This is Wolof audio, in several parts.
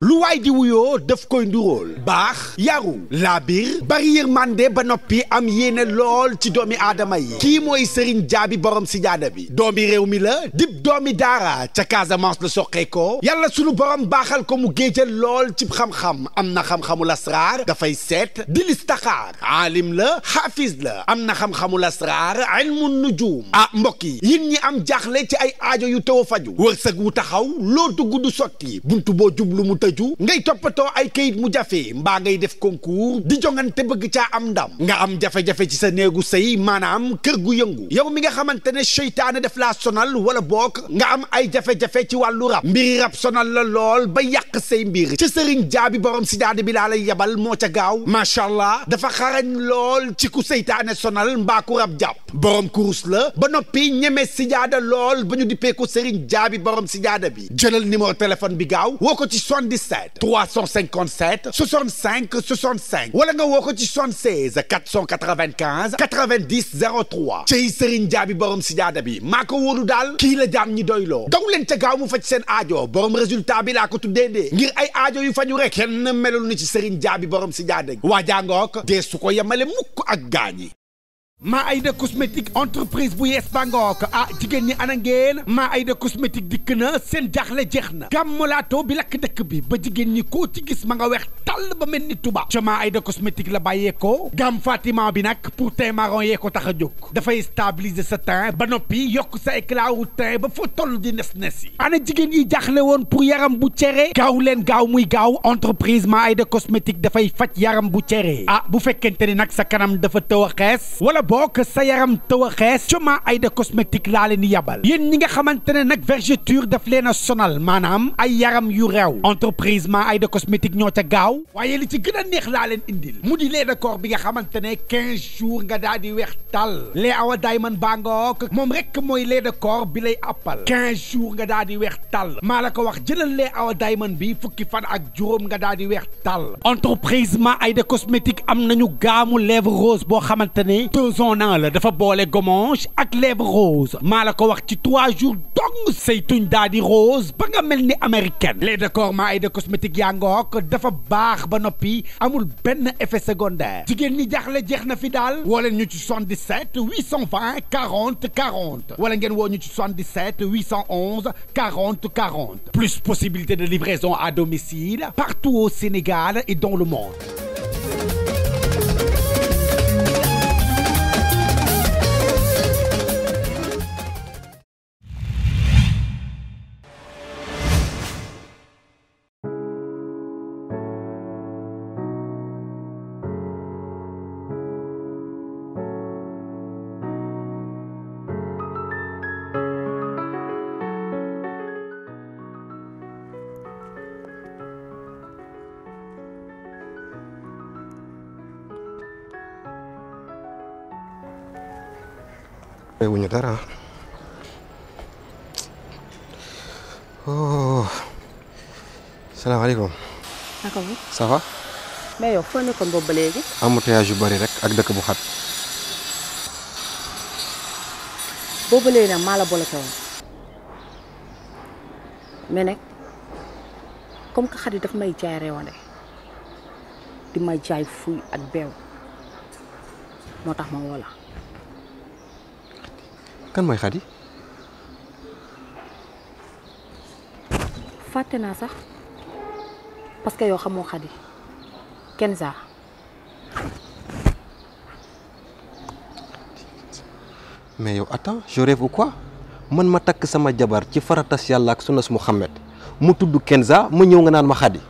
lu di wuyo def koy nduróol baax yaru laabir bari mandé ba nopi am yene lol ci domi adama yi ki moy serigne jaabi borom si jaada bi domi réew mi la dib doomi daara ca Casamance la ko yàlla sunu borom baxal ko mu géejal lol ci xam-xam amna xam-xamu lasrar da fay set di listakhar alim la hafiz la amna xam-xamu lasraar ilmu nujum a mbokk yi yin ñi am jaxlé ci ay aajo yu taw faju wërsegu taxaw lo duggu du soti buntu bo jublu mu tëju ngay toppatoo ay kayit mu jafe mbaa ngay def concours di jongante bëgg caa am ndam nga am jafe-jafe ci sa néegu sëy maanaam kër gu yëngu yow mi nga xamante ne seytaane def laa sonal wala book nga am ay jafe-jafe ci wàllu rab mbiri rab sonal la lool ba yàq say mbir ci sëriñ jaabi borom si daadi bi laa lay yebal moo ca gaaw macha allah dafa xarañ lool ci ku seytaane sonal mbaa ku rab jàpp borom kurus la ba noppi ñeme sijaada lool ba ñu dippee ko sëriñ jaabi borom sijaada bi jëlal numéro téléphone bi gaaw 77 357 65 65 wala nga woo ko ci 76 495 90 03 cey Serigne Jaabi borom si jaada bi maa ko wóolu daal kii la jaam ñi doyloo daw leen ca gaaw mu faj seen aajo borom résultat bi laa ko tuddee dee ngir ay ajo yu fañu rek kenn melul ni ci Serigne Jaabi borom si jaada waa jàngook dee su ko yemale mukk ak gaañi maa ay da cosmétique entreprise bu yees bangook ah jigéen ñi ana ngeen ma ay da cosmétique dikk na seen jaaxle jeex na gàmmolaato bi lakk dëkk bi ba jigéen ñi ko ci gis ma nga weex tàll ba mel ni tuba ca maa ay da cosmétique la bàyyeeko ko gamme bi nag pour teint marron yee ko tax a jóg dafay stabiliser sa teint ba noppi yokk sa éclat wu teint ba foo toll di nes nes yi ana jigéen yi jaaxle woon pour yaram bu cere gaaw leen gaaw muy gaaw entreprise maa ay da dafay faj yaram bu cere ah bu fekkente ni nag sa kanam dafa tëw a xees bokk sa yaram taw a xees cuma ay de cosmétique laa leen di yabal yéen ñi nga xamante ne nag vergeture daf leen a sonal maanaam ay yaram yu reew entreprise ma ay de cosmétique ñoo ca gaaw waaye li ci gën a neex laa leen indil mu di lait de corps bi nga xamante ne quinze jours nga daal di weex tàll lait awa man baa nga wok moom rek mooy lee de corps bi lay appal quinze jours nga daal di weex tàll maa la ko wax jëlal lait awa man bi fukki fan ak juróom nga daal di weex tàll entreprise am nañu gaamu lèvre rose là dafa bolé gommage ak lèvre rose maa ko wax ci trois jours dong say tuñ daa rose ba nga melni américaine les décors ma ay de cosmétique yaa ngook dafa bax ba nopi amul ben effet secondaire jigen ni jaaxle jexna fi dal woo ñu ci 77 820 40 40 wala ngeen woo ñu ci 77 811 40 40 plus possibilité de livraison à domicile partout au Sénégal et dans le monde wuñu dara oh salaamaaleykum. naka bu yow foo nekkoon boobu ba léegi. embouteillage yu bari rek ak dëkk bu xat. boobu ba léegi nag maa la bloqué woon mais comme que xat yi daf may jaay rewane di ma jaay fuy ak beew moo tax ma woo kan mooy Khady. fàtte naa sax parce que yow xamoo Khady Kenza. mais yow attends je rêve ou quoi man ma takk sama jabar ci faratas yàlla ak sunas Muhammad mu tudd Kenza mu ñëw nga naan ma Khady.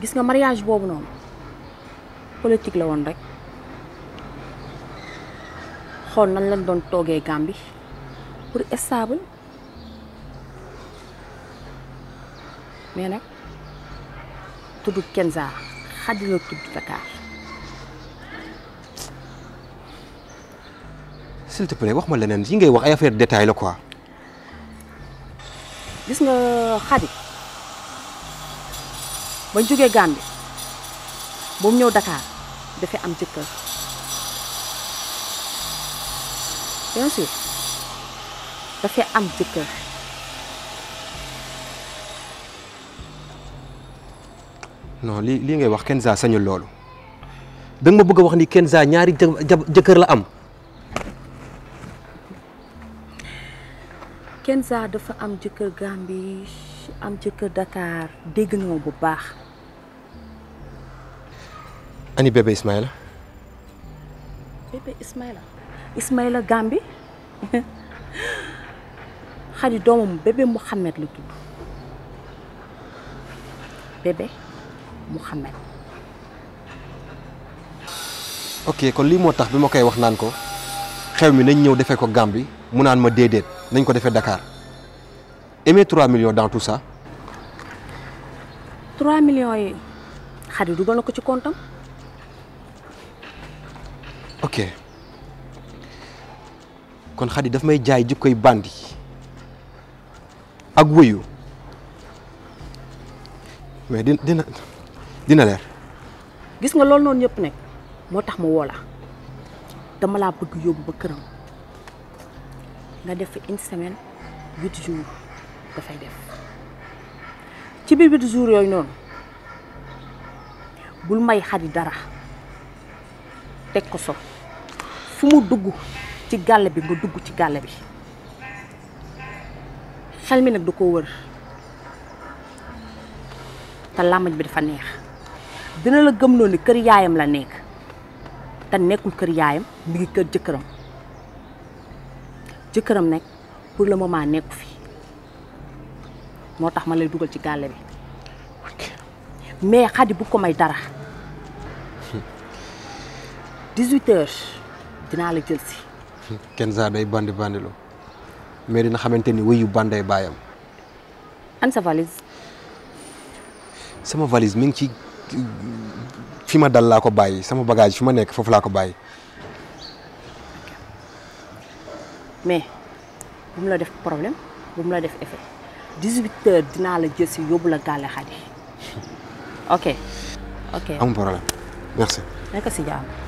gis nga mariage boobu noonu politique la woon rek. xool nan lañ doon toogee Gàmbi pour stable mais nag tudd Kenza xaddi la tudd Dakar. s'il wax ma leneen yi ngay wax ay affaire détail la quoi. gis nga xadi ba jógee Gàmbi ba mu ñëw Dakar dafay am jëkkër. dafa am jëkkër non li lii ngay wax kenn saa sañu loolu da nga ma bëgg a wax ni Kenza ñaari jëkkër la am kenn Kenza dafa am jëkkër Gambie am jëkkër Dakar dégg na ma bu baax ani bébé Ismaïla Ismaïla Gambi xadi doomam bébé Mouhamed la tudd bébé Mouhamed. ok kon lii moo tax bi ma koy wax naan ko xew mi nañ ñëw defee ko Gambi mu naan ma déedéet nañ ko defee dakaar émet 3 millions dans tout ça. millions yi xadi dugal na ko ci comptam ok. kon xadi daf may jaay jikkoy bandi ak wuyu mais dina dina leer gis nga lol non yëpp nek motax tax ma woo la dama laa bëgg yobbu ba kërëm nga def fi une semaine huit jours fay def ci bi huit jours yoy non bul may xadi dara tek ko so fumu duggu ci gàll bi nga dugg ci gàll bi xel mi nag du ko wër te làmbañ bi dafa neex dina la gëmloo ni kër yaayam la nekk te nekkul kër yaayam mi ngi kër jëkkëram jëkkëram nag pour le moment nekku fi moo tax ma lay dugal ci gàll bi mais xadi bu ko may dara 18 hmm. heures dinaa la jël Kenza day bandi bandiloo mais dina xamante ni wéyu banday baayam. an sa valise. sama valise mi ngi ci fi ma dal laa ko bàyyi sama bagage fi ma nekk foofu laa ko bàyyi. mais bu mu la def problème bu mu la def effet 18 heures dinaa la jël si yóbbu la gàlle xadi ok. ok amul problème merci. nekk si jàmm.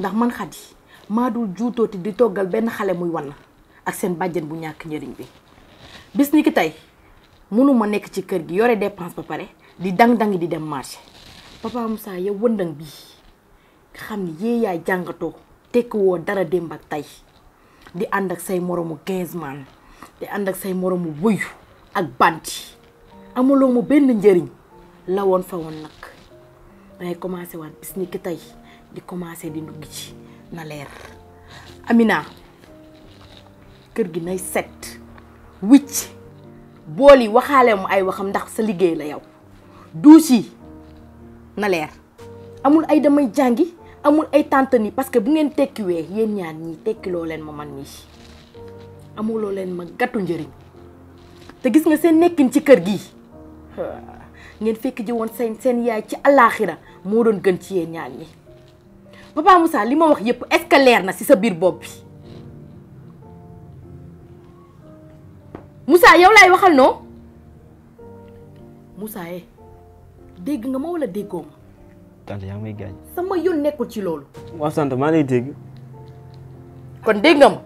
ndax man xadi ma dul juutooti di togal ben xalé muy wan ak sen badjen bu ñak njëriñ bi bis ni ki munu ma nek ci kër gi yore dépenses ba paré di dang-dang di dem marché papa musa yow wëndang bi xam ni yee yaay jangato tek wo dara ak di andak ak say moromu 15 man di andak ak say moromu wuyu ak banti amulo mu ben njëriñ la woon fa woon commencé wat bis ni ki tay di commencé di ndugg ci na lèr amina kër gi nay set wicc boli waxale mu ay waxam ndax sa liggéey la yow duus na lèr amul ay damay jangi amul ay tante ni parce que bu ngeen yeen ñaan ñaar tekki lo leen ma man amul lo leen ma gattu ndëriñ te gis nga seen nekkin ci kër gi ngeen fekk ji won seen seen yaay ci alakhirah mo doon gën ci yeen ñaan ni papa Moussa li ma wax yépp est na ci sa biir bopp bi Moussa yow laay waxal noo Moussa eh dégg nga ma wala déggoo ma. tante yaa may gaañ. sama yoon nekkul ci loolu. waaw sant maa lay dégg. kon dégg nga ma.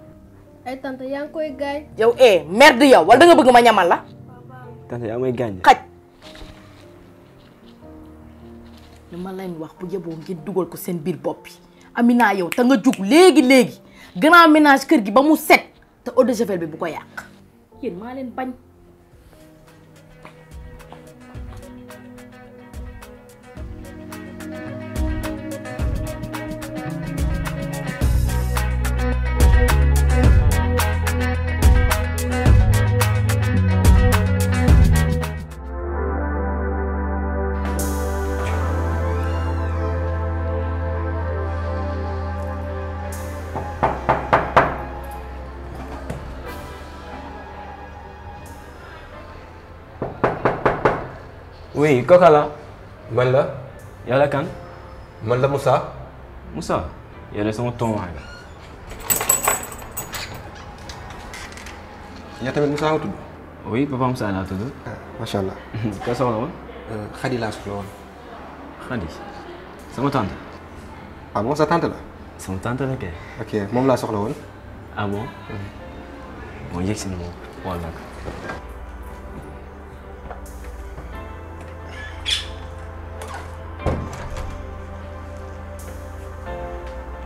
ay tante yaa ngi koy gaañ. yow eh merde yow wala danga nga bëgg ma ñamal la. tante yaa may gaañ. xaj. dama lay wax bu yeboo ngeen duggal ko seen bir bop bi Amina yow ta nga jug legui legui grand ménage kër gi ba mu set te eau de javel bi bu ko yak yeen ma len bañ oui Kokala. la. man la. yow kan. man la Moussa. Moussa yow de sama tonwaay hein, la. yaa tamit Moussa nga tudd. oui papa Moussa laa tudd. macha allah. koo soxla woon. Khady laa soxla woon. Khady sama tante. ah bon sa tante la. sama tante là, kay. ok moom la soxla woon. ah bon. Mm. bon yegg si na moom wàll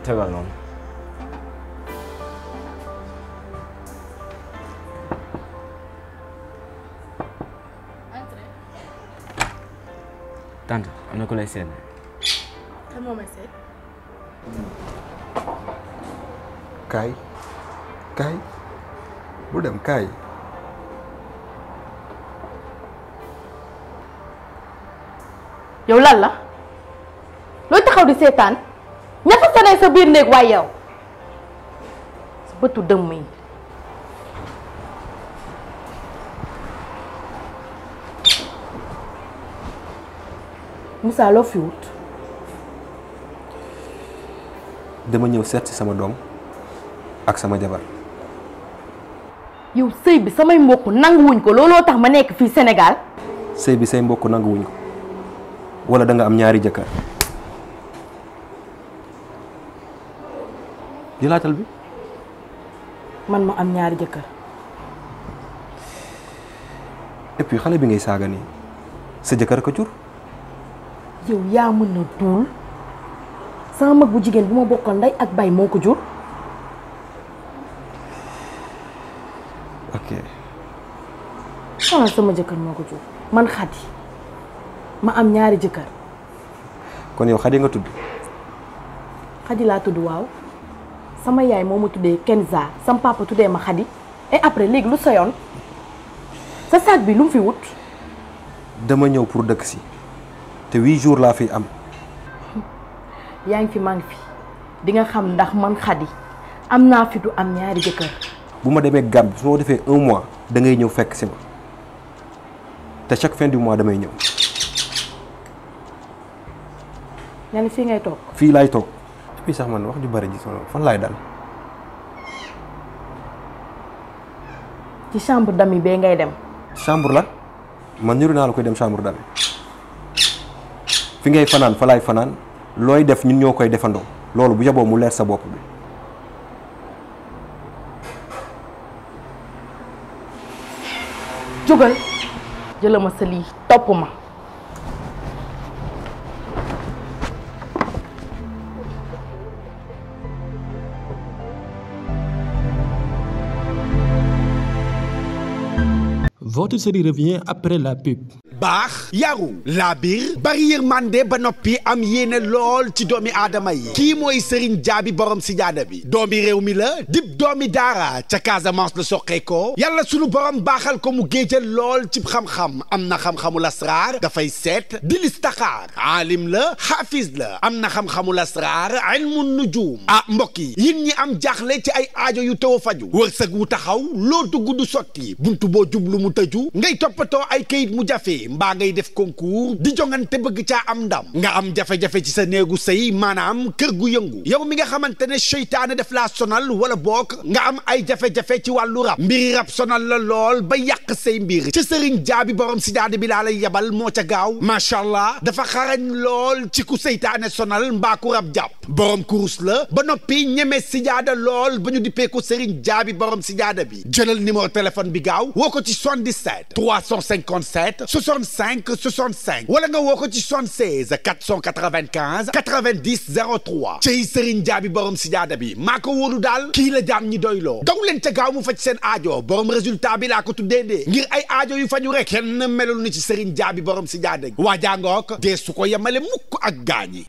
Hemen onu. tante am na ku lay seet. kan moo may kaay bu dem kaay. yow lan la looy taxaw di seetaan. sa biir néeg way yow sa bëtu dëmm yi musa lo fi wut dama ñew si sama dom ak sama jabar yow sey bi samay mbokk wuñ ko lolo tax ma nekk fi Sénégal sey bi sey mbokk wuñ ko wala da nga am ñaari di laatal bi. man ma am ñaari jëkkër. et puis xale bi ngay saaga nii sa jëkkër ko jur. yow yaa mën na duul sama mag bu jigéen bu ma bokkal nday ak bay moo ko jur. ok. ah sama jëkkër moo ko jur man xadi ma am ñaari jëkkër. kon yow xadi nga tudd. xadi laa tudd waaw. sama yaay moo ma tuddee Kenza sama papa tuddee ma Khady et après léegi lu soyoon sa saag bi lu mu fi wut. dama ñëw pour dëkk si te huit jours laa fi am. yaa ngi fi maa ngi fi di nga xam ndax man Khady am naa fi du am ñaari jëkkër. bu ma demee Gàmbi su ma defee un mois da ngay ñëw fekk si ma te chaque fin du mois damay ñëw. nga ni fii ngay toog. fii laay toog. Bisa sax man wax ju bari ji sama fan dal ci chambre d'ami bee ngay dem chambre la man niru kau dem chambre d'ami fi fanan, falai fanan, loi def ñun ñoo def defandoo loolu bu yaboo mu leer sa bopp bi jugal jëlama sa Tout cela revient après la pub. bax yaru labir barrière mandé ba nopi am yéne lol ci domi adama yi ki moy Serigne jabi borom si jada bi doomi réew mi la dib doomi daara ca Casamance soxé ko yàlla sunu borom baxal ko mu gédjel lol ci xam-xam amna xam xamul asrar da fay set di listaxaar alim la hafiz la amna xam xamul asrar ilmun nujum ah mbokk yi ñi am jaxlé ci ay aajo yu taw a faju wërsëg wu taxaw lo dugg du sotti buntu bo jublu mu tëju ngay topato ay kayit mu jafe liggéey mbaa ngay def concours di jongante bëgg caa am ndam nga am jafe-jafe ci sa néegu sëy maanaam kër gu yëngu yow mi nga xamante ne seytaane def laa sonal wala book nga am ay jafe-jafe ci wàllu rab mbiri rab sonal la lool ba yàq say mbir ci sëriñ jaabi borom sidaade bi laa lay yabal moo ca gaaw macha allah dafa xarañ lool ci ku seytaane sonal mbaa ku rab jàpp borom kurus la ba noppi ñeme sijaada lool ba ñu dippee ko sëriñ jaabi borom sijaada bi jëlal numéro téléphone bi gaaw woo ko ci 77 357 65 65 wala nga woo ko ci 76 495 90 03 ci Serigne Jaabi borom si jaada bi maa ko wóolu daal kii la jaam ñi doyloo daw leen ca gaaw mu faj seen aajo borom résultat bi laa ko tuddee de ngir ay aajo yu faju rek kenn melul ni ci Serigne Jaabi borom si jaada gi waa jàngook dee su ko yemale mukk ak gaañi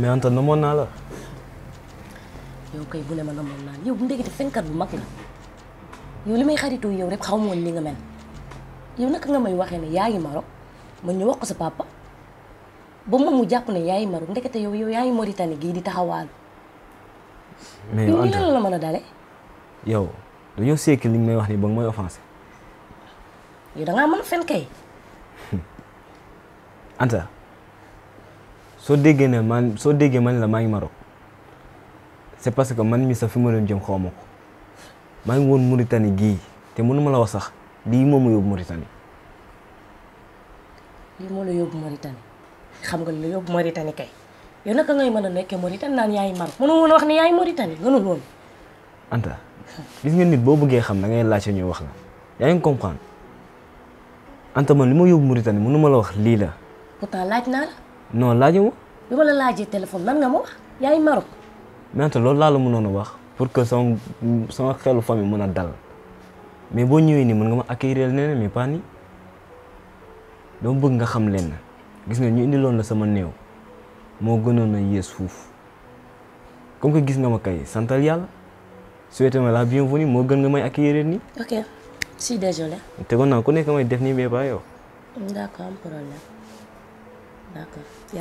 mais Anta namoon naa la yow kay bu ne ma namoon naan yow bu ndekete fenkat bu mag la yow li may yow rek xaw ma ni nga mel yow nga may ne ma ñu wax ko sa papa ba mu ne ndekete yow yow di taxawaalu. mais yow Anta yow la mën a yow dañoo seeki li may wax ni offensé. yow da Anta ne man so déggee man la maa marok c'est parce que man mi sa fi ma doon jëm xomako ma ngi won Mauritanie gii te mënuma la wax sax li moom ma yóbbu Mauritanie. li mo la yob Mauritanie xam nga la yob Mauritanie kay yow naka ngay mëna a Mauritanie nan yaay mar mënu woon wax ni yaay Mauritanie gënul woon. Anta gis nga nit bo bëggé xam da ngay laajte ñu wax la yaay ngi comprendre Anta man li ma Mauritanie mënuma la wax li la. pourtant laaj na la. non laajoo. bi la laajee téléphone lan nga mo wax yaay Maroc. mante loolu laa la wax pour que je xelu famille puisse a mais accueillir mais pas que nga xam Je gis ñu la sama comme que gis nga ma kay santal la bienvenue moo gën nga may accueillir ok je suis désolé. Tu ku nekk may def pas d'accord problème d'accord Dieu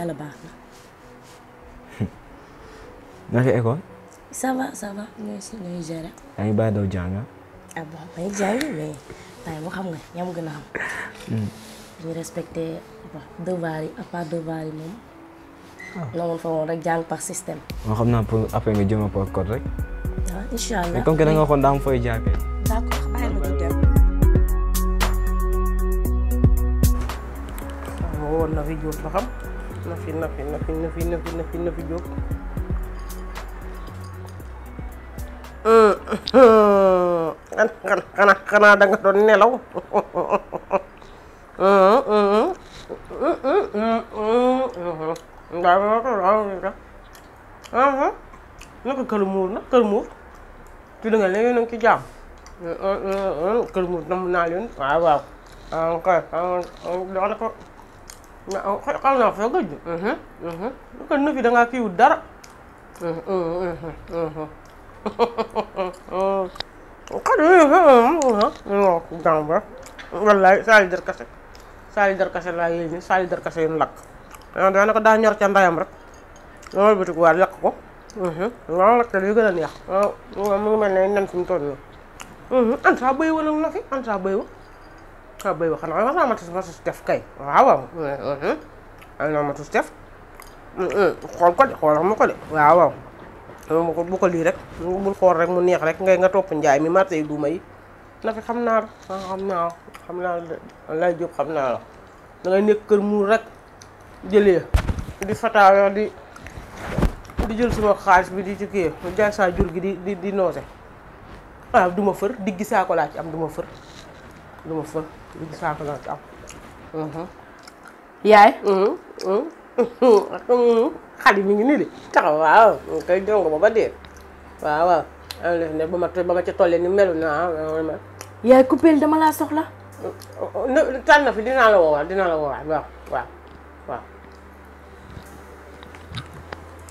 naka école. ça va ça va ñooy si ñooy gérer. yaa ngi bàyyi daw jàng ah. ah bon maa ngi jàng mais waaye mu xam nga ña mu gën a xam. ñu respecté devoir yi à part devoir yi moom. waaw ah. noonu fa woon rek jàng par système. moo xam naa pour après nga jëm par code rek. waaw ah, incha allah mais comme que da nga waxoon daa am fooy jàppee. d'accord bàyyi ma dem. woon oh, na fi jóg ba xam na fi na fi na fi na fi na fi na fi jóg. xanaa xanaa da nga doon nelaw waaw naka kër muur nag kër muur tudd nga léegi nag ci jaam kër muur nam naa leen waaw waaw ah, kay dox na ko xaw naa fa gëj ko mhm, mhm. nëfi da ngaa kiiwut dara mhm, gambar wallahi saali dër kase saali dër kase laa yéen ñi saali dër kase yu lakk waaw daanaka daa ñor ca ndayam rek loolu bëtik waa lakk ko waaw lakk li gën a neex waaw mu ngi mel ne nen fi mu toll nii ansa bëy wa la fi ansa bëy wa ansa bëy wa xanaa war naa ma tus ma tus def kay waaw waaw ay naa ma tus def xool ko de xoolal ma ko de waaw waaw dama ko bu ko lii rek bul xool rek mu neex rek ngay nga top njaay mi martay yi duuma yi na fi xamna xamna xamna naa xam naa lay jóg xam la da ngay nekk keur mu rek jele di fataayo di di jël suma xaalis bi di ci ke mu jaay sa jur gi di di di noose waaw ah, du ma fër diggi saa ko la ci am duma feur duma feur ma fër diggi saa ko la ci am yaay mm-hmm. Mm-hmm. xale mi ngi nii de taxaw waaw koy jongo ba ba dee waaw waaw ca tollee ni melu naa yaay coupéel dama laa soxla tànn na fi dinaa la woowaat dinaa la woowaat waaw waaw waaw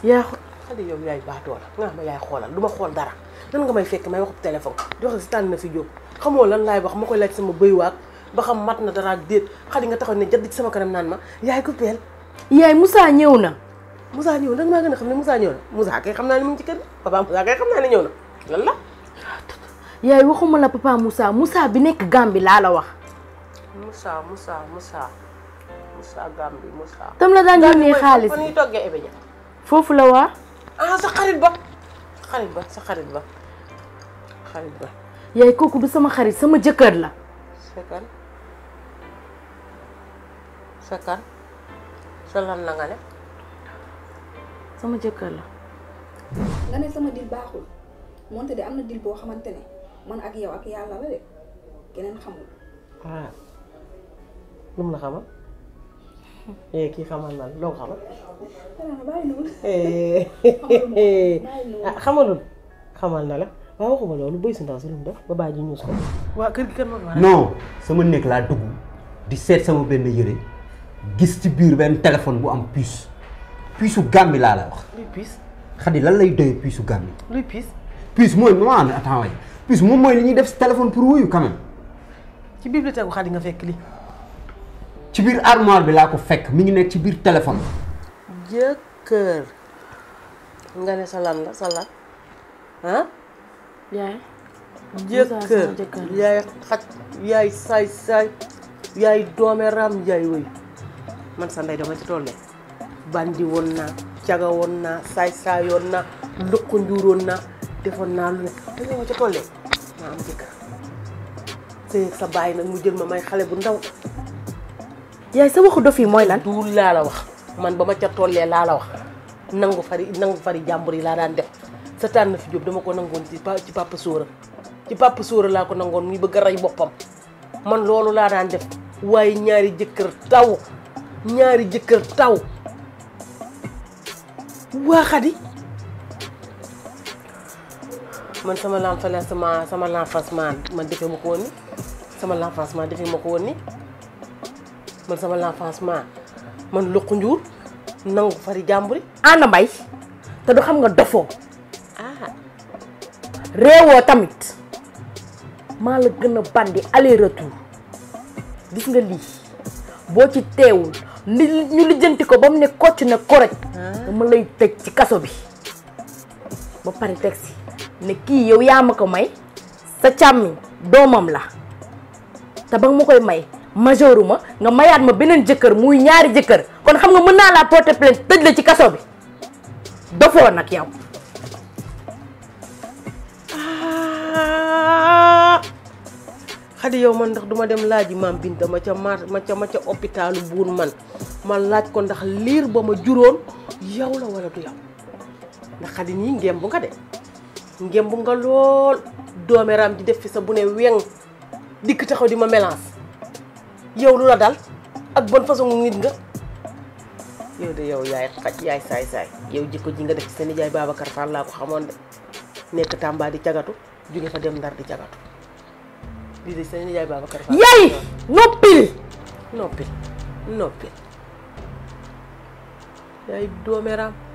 yaa xale yow yaay baatoo nga xam yaay xoolal du ma xool dara nan nga may fekk may waxub téléphone di wax si tànn na fi jóg xamoo lan laay wax ma koy laaj sama bëy waag ba xam mat na dara déet xale nga taxaw ne jadd ci sama kanam naan ma yaay coupéel yaay musaa ñëw na Moussa ñëw nag maa na a Musa ne Moussa na Moussa kay xam naa mu ci kër papa Musa kay xam naa ne ñëw na lan la. yaay waxuma la papa Musa. Musa bi nekk Gambie laa la wax. Musa, Musa Moussa Musa. Gambie Moussa. tam la daan yónnee xaalis bi toggee Ebeja. foofu la waa. ah sa xarit ba sa xarit ba sa xarit ba xarit ba. yaay kooku du sama xarit sama jëkkër la. sa kan sa kan? la nga ne. sama jëkkër la. nga ne sama dil baaxul moonte de am na dil boo xamante ne man ak yow ak yàlla la de keneen xamul. Ah. lu mu la xamal. Eh, kii xamal na loo xamal. Eh. ah xamalul na la waaw waxuma loolu béy si ndaw si lu mu def ba bàyyi ji ñuus ko. waa kër gi sama néeg laa dugg di seet sama benn yëre gis ci biir benn téléphone bu am puce. puisu Gàmbi la wax. lui puis. là lan lay doy lui puis. puis moi moi attends puis moi il def téléphone pour wuyu quand même. tu bibliothèque peut-être nga li ci armoire bi la ko mi ngi ci téléphone. cœur nga ne sa la ah. cœur ram bandi woon naa caga woon say yonna saayoon naa lëkk njuuroon naa defoon naa lu dañu ci tolle ca tollee ma am jëkkër sëy sa nak mu jël ma may xalé bu ndaw yaay sa waxu lan dul la la wax man bama ca tolle la la wax nangu fari nangu fari jamburi la dan def sa nanggo. fi job dama ko nangon ci ci papa soura ci papa soura la ko nangon muy bëgg ray bopam man lolu la dan def waye ñaari jëkkeur taw ñaari jëkkeur taw waa Xadi man sama l'enfance sama l'enfance man defee ma ko woon ni sama l'enfance defee ma ko woon ni man sama l'enfance man loqu njuur nangu fari jàmburi ana mbay te du xam nga dofoo ah tamit maa la gën a bandi aller gis nga lii boo ci teewul li ñu lijjanti ko ba mu ne kocc ne koroj ah. dama lay tëj ci kaso bi ba pare teg si ne kii yow yaa ma ko may sa càmmi doomam la te ba ma koy may majoru ma nga mayaat ma beneen jëkkër muy ñaari jëkkër kon xam nga mën naa laa porter plainte tëj la ci kaso bi dofoo nag yow xadi yow man ndax duma dem laaji mam Binta ma ca ma ca ma ca hôpital buur man man laaj ko ndax liir ba ma juroon yow la wala du yow ndax xadi ni ngembu nga de ngembu nga lool ram di def fi sa bu ne weng dikk taxaw di ma mélange yow lu dal ak bonne façon nit nga yow de yow yaay xaj yaay say say yow jikko ji nga def seni jaay babakar Fall ko xamone de Tamba di cagatu jóge fa dem Ndar di cagatu lii de seen yaay Babacar Fall. yaay yaay doomeeraam.